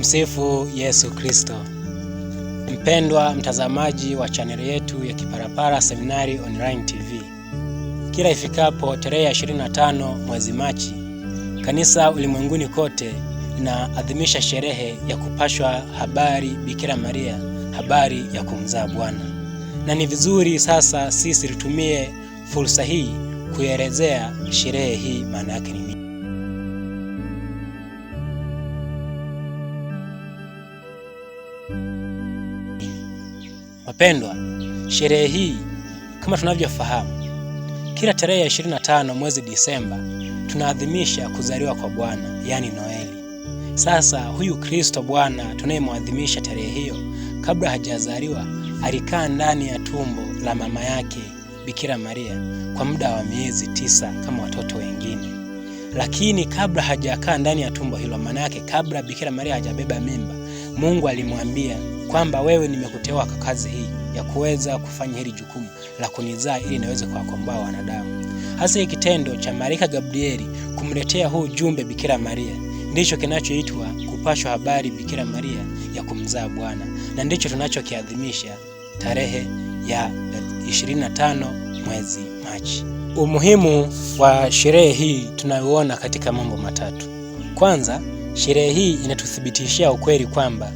Tumsifu Yesu Kristo. Mpendwa mtazamaji wa chaneli yetu ya Kiparapara Seminari Online TV, kila ifikapo tarehe ya 25 mwezi Machi, kanisa ulimwenguni kote linaadhimisha sherehe ya kupashwa habari Bikira Maria, habari ya kumzaa Bwana, na ni vizuri sasa sisi tutumie fursa hii kuelezea sherehe hii maana yake ni nini. Wapendwa, sherehe hii kama tunavyofahamu, kila tarehe ya 25 mwezi Disemba tunaadhimisha kuzaliwa kwa Bwana, yaani Noeli. Sasa huyu Kristo Bwana tunayemwadhimisha tarehe hiyo, kabla hajazaliwa alikaa ndani ya tumbo la mama yake Bikira Maria kwa muda wa miezi tisa kama watoto wengine lakini kabla hajakaa ndani ya tumbo hilo, maana yake kabla Bikira Maria hajabeba mimba, Mungu alimwambia kwamba wewe nimekutewa kwa kazi hii ya kuweza kufanya hili jukumu la kunizaa ili niweze kuwakomboa wanadamu. Hasa hiki kitendo cha malaika Gabrieli kumletea huu jumbe Bikira Maria ndicho kinachoitwa kupashwa habari Bikira Maria ya kumzaa Bwana, na ndicho tunachokiadhimisha tarehe ya 25 mwezi Machi. Umuhimu wa sherehe hii tunayoona katika mambo matatu. Kwanza, sherehe hii inatuthibitishia ukweli kwamba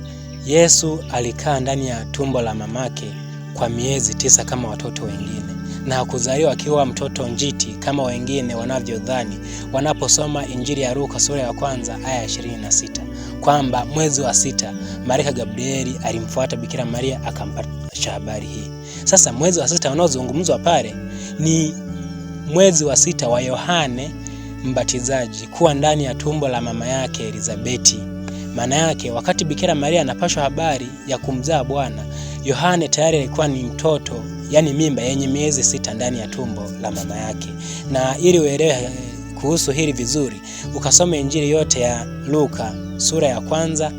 Yesu alikaa ndani ya tumbo la mamake kwa miezi tisa kama watoto wengine na hakuzaliwa akiwa mtoto njiti kama wengine wanavyodhani wanaposoma Injili ya Luka sura ya kwanza aya ya 26 kwamba mwezi wa sita malaika Gabrieli alimfuata Bikira Maria akampatisha habari hii. Sasa mwezi wa sita unaozungumzwa pale ni mwezi wa sita wa Yohane Mbatizaji kuwa ndani ya tumbo la mama yake Elizabeti. Maana yake wakati Bikira Maria anapashwa habari ya kumzaa Bwana, Yohane tayari alikuwa ni mtoto, yani mimba yenye miezi sita ndani ya tumbo la mama yake. Na ili uelewe kuhusu hili vizuri, ukasoma Injili yote ya Luka sura ya kwanza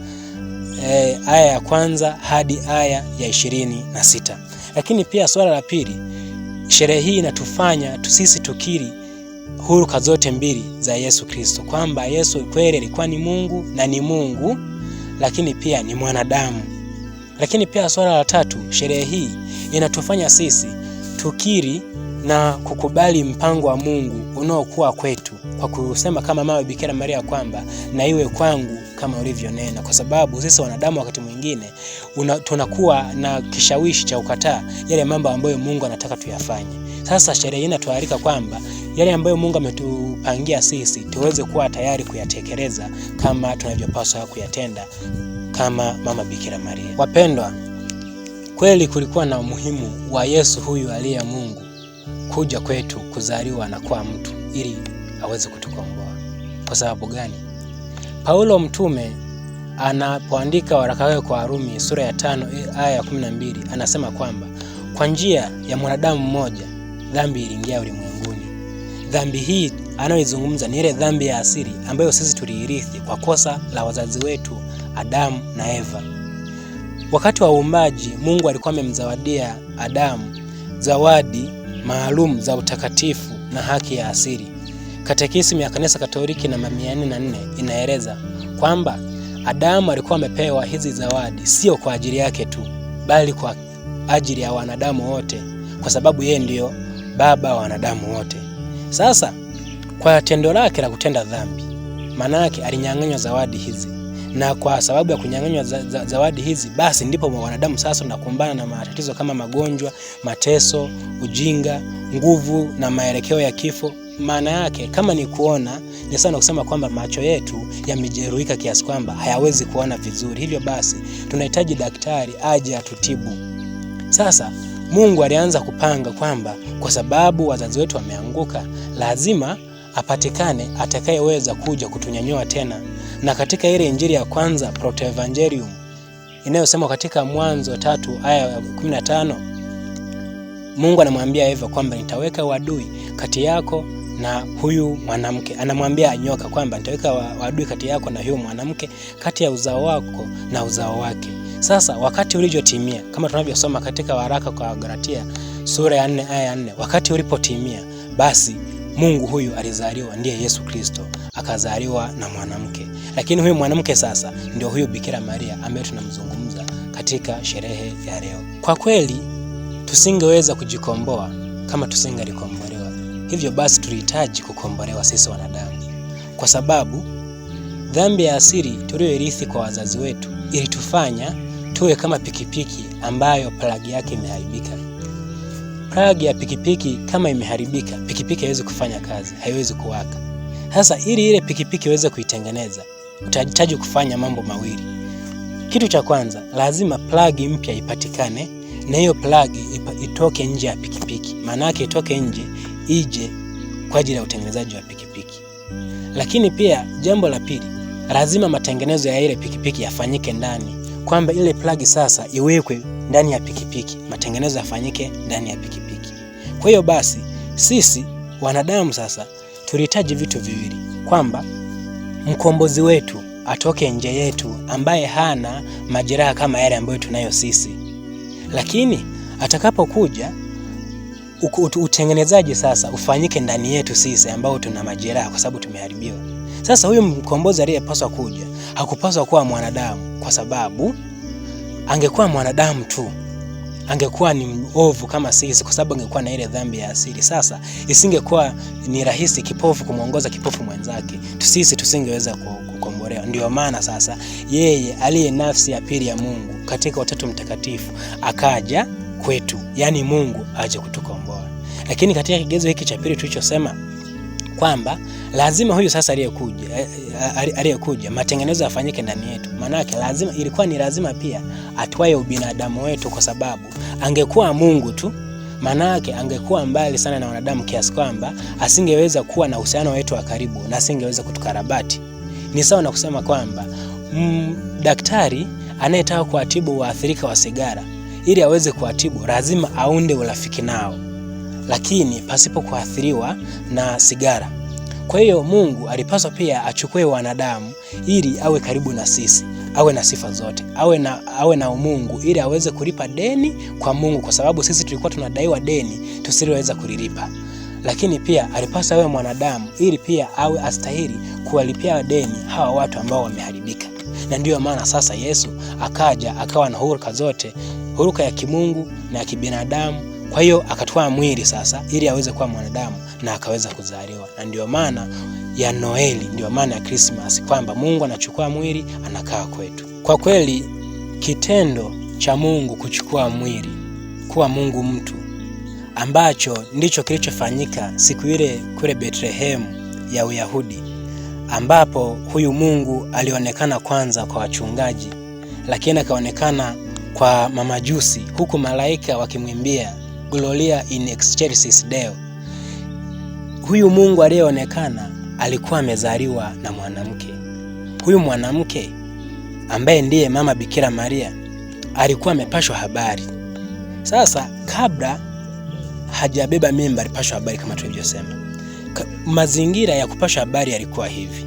e, aya ya kwanza hadi aya ya ishirini na sita. Lakini pia swala la pili, sherehe hii inatufanya sisi tukiri huruka zote mbili za Yesu Kristo, kwamba Yesu kweli alikuwa ni Mungu na ni Mungu, lakini pia ni mwanadamu. Lakini pia swala la tatu, sherehe hii inatufanya sisi tukiri na kukubali mpango wa Mungu unaokuwa kwetu kwa kusema kama mama Bikira Maria kwamba na iwe kwangu kama ulivyonena, kwa sababu sisi wanadamu wakati mwingine tunakuwa na kishawishi cha ukataa yale mambo ambayo Mungu anataka tuyafanye. Sasa sherehe inatualika kwamba yale ambayo Mungu ametupangia sisi tuweze kuwa tayari kuyatekeleza kama tunavyopaswa kuyatenda kama mama Bikira Maria. Wapendwa, kweli kulikuwa na umuhimu wa Yesu huyu aliye Mungu kuja kwetu kuzaliwa na kuwa mtu ili aweze kutukomboa. Kwa sababu gani? Paulo mtume anapoandika waraka wake kwa Warumi sura ya tano aya ya 12 anasema kwamba kwa njia ya mwanadamu mmoja dhambi iliingia ulimwenguni. Dhambi hii anayoizungumza ni ile dhambi ya asili ambayo sisi tuliirithi kwa kosa la wazazi wetu Adamu na Eva. Wakati wa uumbaji, Mungu alikuwa amemzawadia Adamu zawadi maalum za utakatifu na haki ya asili. Katekisimu ya Kanisa Katoliki namba 404 inaeleza kwamba Adamu alikuwa amepewa hizi zawadi sio kwa ajili yake tu, bali kwa ajili ya wanadamu wote, kwa sababu yeye ndiyo baba wa wanadamu wote. Sasa kwa tendo lake la kutenda dhambi, maana yake alinyang'anywa zawadi hizi, na kwa sababu ya kunyang'anywa za, za, zawadi hizi, basi ndipo wanadamu sasa unakumbana na matatizo kama magonjwa, mateso, ujinga, nguvu na maelekeo ya kifo. Maana yake kama ni kuona ni sana kusema kwamba macho yetu yamejeruhika kiasi kwamba hayawezi kuona vizuri, hivyo basi tunahitaji daktari aje atutibu. Sasa Mungu alianza kupanga kwamba kwa sababu wazazi wetu wameanguka, lazima apatikane atakayeweza kuja kutunyanyua tena. Na katika ile injili ya kwanza Protoevangelium inayosema katika Mwanzo tatu aya ya 15, Mungu anamwambia Eva kwamba nitaweka wadui kati yako na huyu mwanamke. Anamwambia nyoka kwamba nitaweka wadui kati yako na huyu mwanamke, kati ya uzao wako na uzao wake. Sasa wakati ulijotimia, kama tunavyosoma katika waraka kwa Galatia sura ya 4 aya ya 4, wakati ulipotimia basi Mungu huyu alizaliwa, ndiye Yesu Kristo akazaliwa na mwanamke. Lakini huyu mwanamke sasa ndio huyu Bikira Maria ambaye tunamzungumza katika sherehe ya leo. Kwa kweli tusingeweza kujikomboa kama tusingalikombolewa. Hivyo basi tulihitaji kukombolewa sisi wanadamu, kwa sababu dhambi ya asili tuliyoirithi kwa wazazi wetu ilitufanya tuwe kama pikipiki ambayo plagi yake imeharibika. Plagi ya pikipiki kama imeharibika, pikipiki haiwezi kufanya kazi, haiwezi kuwaka. Sasa ili ile pikipiki iweze kuitengeneza, utahitaji kufanya mambo mawili. Kitu cha kwanza, lazima plagi mpya ipatikane na hiyo plagi itoke nje ya pikipiki, maana yake itoke nje ije kwa ajili ya utengenezaji wa pikipiki. Lakini pia jambo la pili, lazima matengenezo ya ile pikipiki yafanyike ndani kwamba ile plagi sasa iwekwe ndani ya pikipiki, matengenezo yafanyike ndani ya pikipiki. Kwa hiyo basi sisi wanadamu sasa tulihitaji vitu viwili, kwamba mkombozi wetu atoke nje yetu, ambaye hana majeraha kama yale ambayo tunayo sisi, lakini atakapokuja utengenezaji sasa ufanyike ndani yetu sisi ambao tuna majeraha kwa sababu tumeharibiwa. Sasa huyu mkombozi aliyepaswa kuja hakupaswa kuwa mwanadamu, kwa sababu angekuwa mwanadamu tu angekuwa ni mwovu kama sisi, kwa sababu angekuwa na ile dhambi ya asili. Sasa isingekuwa ni rahisi kipofu kumwongoza kipofu mwenzake, sisi tusingeweza kukombolewa. Ndio maana sasa yeye aliye nafsi ya pili ya Mungu katika Utatu Mtakatifu akaja kwetu, yaani Mungu aje kutukomboa. Lakini katika kigezo hiki cha pili tulichosema kwamba lazima huyu sasa aliyekuja eh, eh, aliyekuja matengenezo yafanyike ndani yetu. yake lazima, ilikuwa ni lazima pia atwaye ubinadamu wetu, kwa sababu angekuwa Mungu tu yake angekuwa mbali sana na wanadamu kiasi kwamba asingeweza kuwa na uhusiano wetu wa karibu na asingeweza kutukarabati. Ni sawa na kusema kwamba mm, daktari anayetaka kuwatibu waathirika wa sigara ili aweze kuwatibu lazima aunde urafiki nao lakini pasipo kuathiriwa na sigara. Kwa hiyo Mungu alipaswa pia achukue wanadamu ili awe karibu na sisi, awe na sifa zote, awe na, awe na umungu ili aweze kulipa deni kwa Mungu, kwa sababu sisi tulikuwa tunadaiwa deni tusiloweza kulilipa. Lakini pia alipaswa awe mwanadamu ili pia awe astahili kuwalipia deni hawa watu ambao wameharibika, na ndiyo maana sasa Yesu akaja akawa na huruka zote, huruka ya kimungu na ya kibinadamu kwa hiyo akatoa mwili sasa, ili aweze kuwa mwanadamu na akaweza kuzaliwa, na ndiyo maana ya Noeli, ndiyo maana ya Krismasi, kwamba Mungu anachukua mwili anakaa kwetu. Kwa kweli kitendo cha Mungu kuchukua mwili kuwa Mungu mtu ambacho ndicho kilichofanyika siku ile kule Betlehemu ya Uyahudi, ambapo huyu Mungu alionekana kwanza kwa wachungaji, lakini akaonekana kwa mamajusi, huku malaika wakimwimbia Gloria in excelsis Deo. Huyu Mungu aliyeonekana alikuwa amezaliwa na mwanamke. Huyu mwanamke ambaye ndiye mama Bikira Maria alikuwa amepashwa habari. Sasa kabla hajabeba mimba alipashwa habari kama tulivyosema. Mazingira ya kupashwa habari yalikuwa hivi: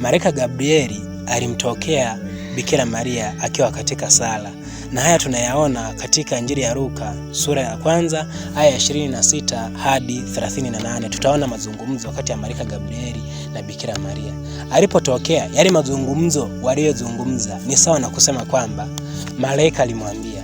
malaika Gabrieli alimtokea Bikira Maria akiwa katika sala na haya tunayaona katika Injili ya Luka sura ya kwanza aya ya 26 hadi 38. Tutaona mazungumzo kati ya Malaika Gabrieli na Bikira Maria alipotokea. Yale mazungumzo waliyozungumza ni sawa na kusema kwamba malaika alimwambia,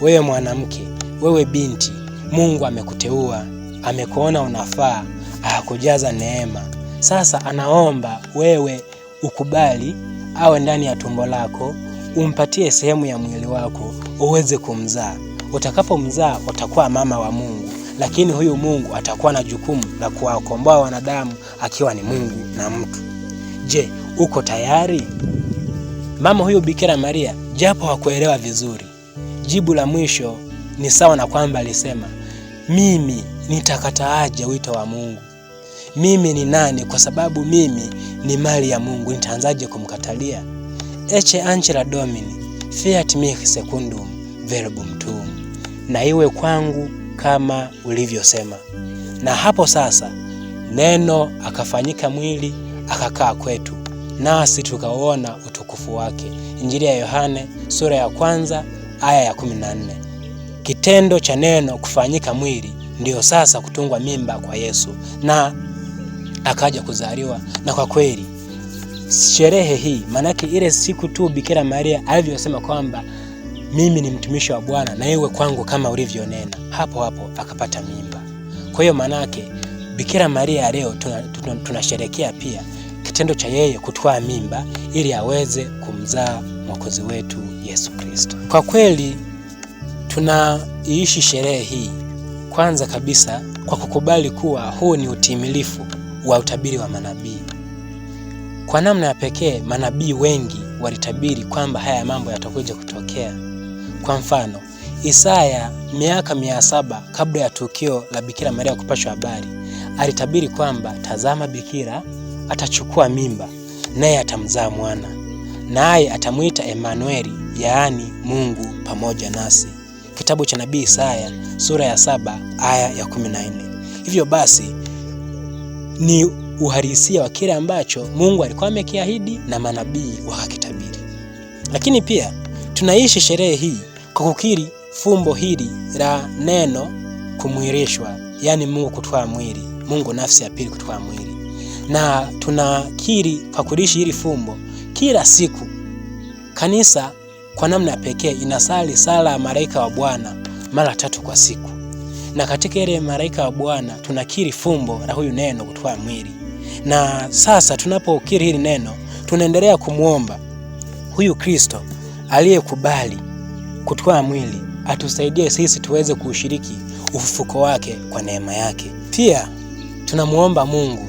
wewe mwanamke, wewe binti, Mungu amekuteua, amekuona unafaa, akakujaza neema. Sasa anaomba wewe ukubali awe ndani ya tumbo lako umpatie sehemu ya mwili wako uweze kumzaa. Utakapomzaa utakuwa mama wa Mungu, lakini huyu Mungu atakuwa na jukumu la kuwakomboa wanadamu akiwa ni Mungu na mtu. Je, uko tayari? Mama huyu Bikira Maria japo hakuelewa vizuri, jibu la mwisho ni sawa na kwamba alisema, mimi nitakataaje wito wa Mungu? Mimi ni nani? Kwa sababu mimi ni mali ya Mungu, nitaanzaje kumkatalia? Ece ancella Domini, fiat mihi secundum verbum tuum, na iwe kwangu kama ulivyosema. Na hapo sasa neno akafanyika mwili akakaa kwetu, nasi tukawona utukufu wake. Injili ya Yohane sura ya kwanza aya ya 14. Kitendo cha neno kufanyika mwili ndiyo sasa kutungwa mimba kwa Yesu na akaja kuzaliwa, na kwa kweli sherehe hii, maanake ile siku tu Bikira Maria alivyosema kwamba mimi ni mtumishi wa Bwana na iwe kwangu kama ulivyonena, hapo hapo akapata mimba. Kwa hiyo maanake Bikira Maria leo tunasherekea tuna, tuna pia kitendo cha yeye kutwaa mimba ili aweze kumzaa mwokozi wetu Yesu Kristo. Kwa kweli tunaiishi sherehe hii kwanza kabisa kwa kukubali kuwa huu ni utimilifu wa utabiri wa manabii. Kwa namna ya pekee, manabii wengi walitabiri kwamba haya mambo yatakuja kutokea. Kwa mfano, Isaya miaka mia saba kabla ya tukio la Bikira Maria kupashwa habari, alitabiri kwamba tazama, bikira atachukua mimba, naye atamzaa mwana, naye atamwita Emanueli, yaani Mungu pamoja nasi. Kitabu cha nabii Isaya sura ya saba aya ya 14. Hivyo basi ni uhalisia wa kile ambacho Mungu alikuwa amekiahidi na manabii wakakitabiri. Lakini pia tunaishi sherehe hii kwa kukiri fumbo hili la neno kumwirishwa, yaani Mungu kutwaa mwili, Mungu nafsi ya pili kutwaa mwili, na tunakiri kwa kulishi hili fumbo kila siku. Kanisa kwa namna ya pekee inasali sala ya malaika wa Bwana mara tatu kwa siku, na katika ile malaika wa Bwana tunakiri fumbo la huyu neno kutwaa mwili. Na sasa tunapokiri hili neno, tunaendelea kumwomba huyu Kristo aliyekubali kutwaa mwili atusaidie sisi tuweze kuushiriki ufufuko wake kwa neema yake. Pia tunamwomba Mungu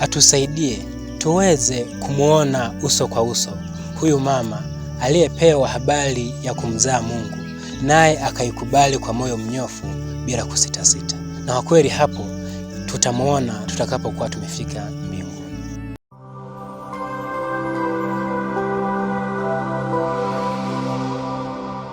atusaidie tuweze kumwona uso kwa uso huyu mama aliyepewa habari ya kumzaa Mungu, naye akaikubali kwa moyo mnyofu bila kusitasita. Na kwa kweli hapo tutamwona tutakapokuwa tumefika